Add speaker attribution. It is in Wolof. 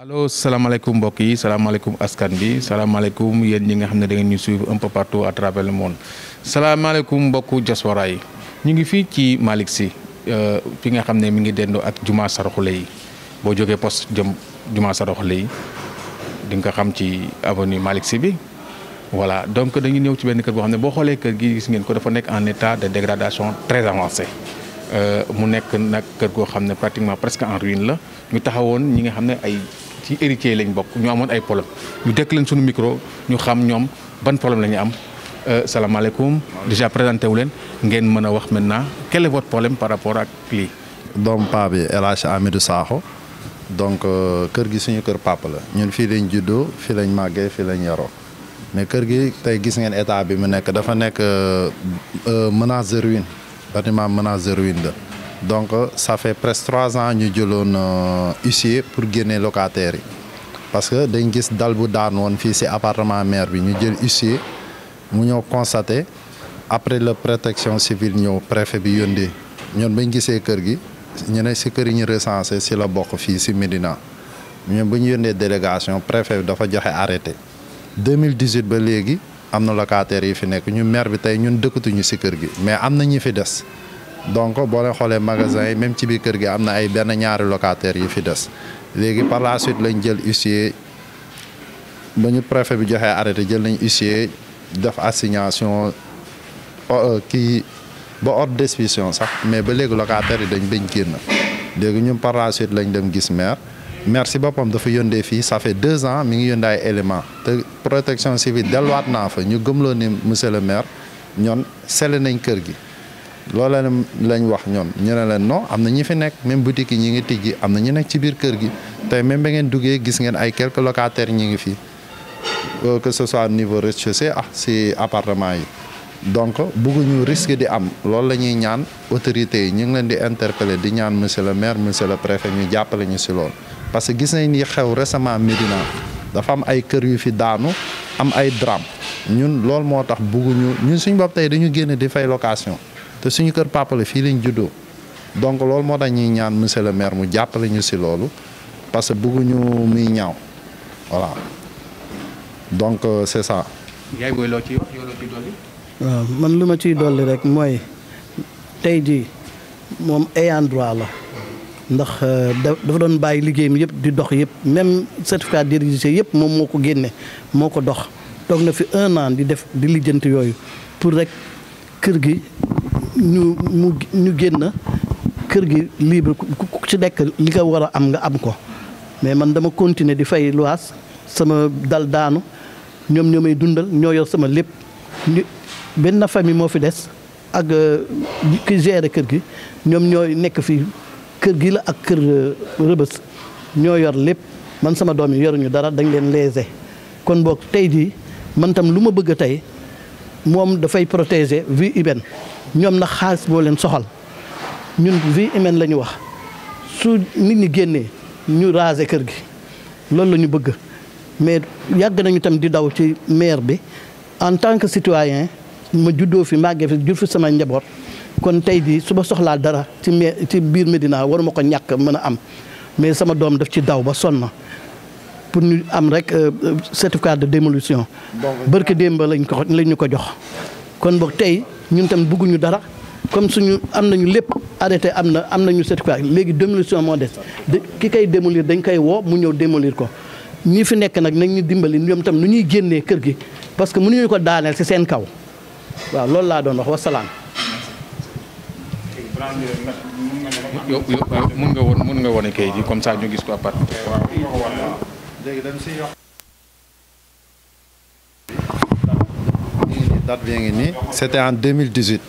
Speaker 1: allo assalamualaikum Boki, assalamualaikum Askandi, askan eh, bi salaamaaleykum yéen ñi nga xam ne da ngeen ñu suivre un peu partout à travers le monde salaamaaleykum mbokku diaspora yi ñu ngi fii ci Malick Sy fi nga mi ngi ak juma Saraxule yi boo poste jëm juma Saraxule yi di nga xam ci avenue Malick Sy bi voilà donc dañuy ñëw ci benn kër boo xam ne boo xoolee kër gi gis ngeen ko dafa nekk en état de dégradation très avancé mu nekk nag kër pratiquement presque en ruine la ñu ñi nga ay ci héritier lañ bokk ñu amoon ay problème ñu dekk leen suñu micro ñu xam ñoom ban problème la ñu am euh, salaamaaleykum déjà présenté wu leen ngeen mën a wax maintenant quel est votre problème par rapport ak lii. doomu paa bi El Hadj Amidou Sakho donc euh, kër gi
Speaker 2: suñu kër papa la ñun fii lañ juddoo fii lañ màggee fii lañ yaroo mais kër gi tey gis ngeen état bi mu nekk dafa nekk euh, menace de ruine pratiquement menace de ruine la. Donc, ça fait presque trois ans que nous avons ici pour gagner les locataires. Parce que nous avons fait que appartements appartement maire. Nous avons ici, nous avons constaté, après la protection civile, nous avons préfet de Nous avons vu que nous avons la boîte nous avons c'est le Medina. Nous avons une délégation, le préfet a arrêté. En 2018, nous avons vu locataires qui Nous avons fait nous avons nous avons fait des nous donc boo leen xoolee magasin yi même ci biir kër gi am na ay benn ñaari locataires yi fi des léegi par la suite jël huissier ba ñu préfet bi joxee arrêté jël nañ huissier def assignation euh, kii ba ordre d'expulsion sax mais ba léegi locataires yi dañ bañ génn léegi ñun par la suite lañ dem gis maire maire si boppam dafa yóndee fii ça deux ans mi ngi yóndee ay élément te protection civile delluwaat naa fa ñu gëmloo ni monsieur le maire ñoon sele nañ kër gi loolu lañ wax ñoom ñu ne leen no am na ñi fi nekk même boutique yi ñu ngi tijji am na ñu nekk ci biir kër gi tey même ba ngeen duggee gis ngeen ay quelques locataires ngi fii euh, que ce soit niveau rez-de-chaussée ah, si appartement yi donc bëgguñu risque di am loolu la ñuy ñaan autorités yi ñu ngi leen di interpeller di ñaan monsieur le maire monsieur le préfet ñu jàppale ñu si lool parce que gis nañ ni xew récemment Médina dafa am ay kër yu fi daanu am ay drame ñun loolu moo tax bugguñu ñun suñ bopp tey dañu génn di fay location te suñu kër papa fii lañ juddoo donc loolu moo tax ñuy ñaan monsieur le mu jàppale ñu si loolu parce que bëgguñu muy ñaaw voilà donc euh, c'est ça.
Speaker 3: man lu ma ciy dolli rek mooy tey ji moom ayant droit la ndax euh, dafa doon bàyyi liggéeyam yëpp di dox yëpp même certificat d'hérédité yëpp moom moo ko génne moo ko dox toog na fi un di def di lijjanti yooyu pour rek kër gi. ñu mu ñu génn kër gi libre ku ci nekk li nga war a am nga am ko mais man dama continuer di fay luwaas sama dal daanu ñoom ñoo may dundal ñoo yor sama lépp ñu benn famille moo fi des ak euh, ki gérer kër gi ñoom ñooy nekk fii kër gi la ak kër euh, rëbës ñoo yor lépp man sama doom yi yoruñu dara dañ leen léser kon boog tey jii man tam lu ma bëgg a tey moom dafay protéger vie humaine ñoom na xaalis boo leen soxal ñun vie humaine la ñu wax su nit ñi génnee ñu raser kër gi loolu la ñu bëgg mais yàgg nañu tamit di daw ci maire bi en tant que citoyen ma juddoo fi màggee fi jur fi sama njaboot kon tey jii su ma soxlaa dara ci me ci biir Médina ma ko ñàkk mën a am mais sama doom daf ci daw ba sonn pour ñu am rek euh, certificat de démolition. bërki démb lañ ko jox kon boog tey. ñun tamit bëgguñu dara comme suñu am nañu lépp arrêté am na am nañu ak léegi démolition moo des ki koy démolir dañ koy woo mu ñëw démolir ko ñi fi nekk nag nañ ñu dimbali ñoom tam nu ñuy génnee kër gi parce que mënuñu ko daaneel ci seen kaw waaw loolu laa doon wax wasalaam.
Speaker 1: yow yow nga woon mën nga wane kayit yi comme ça ñu gis ko à part.
Speaker 2: c'était en 2018.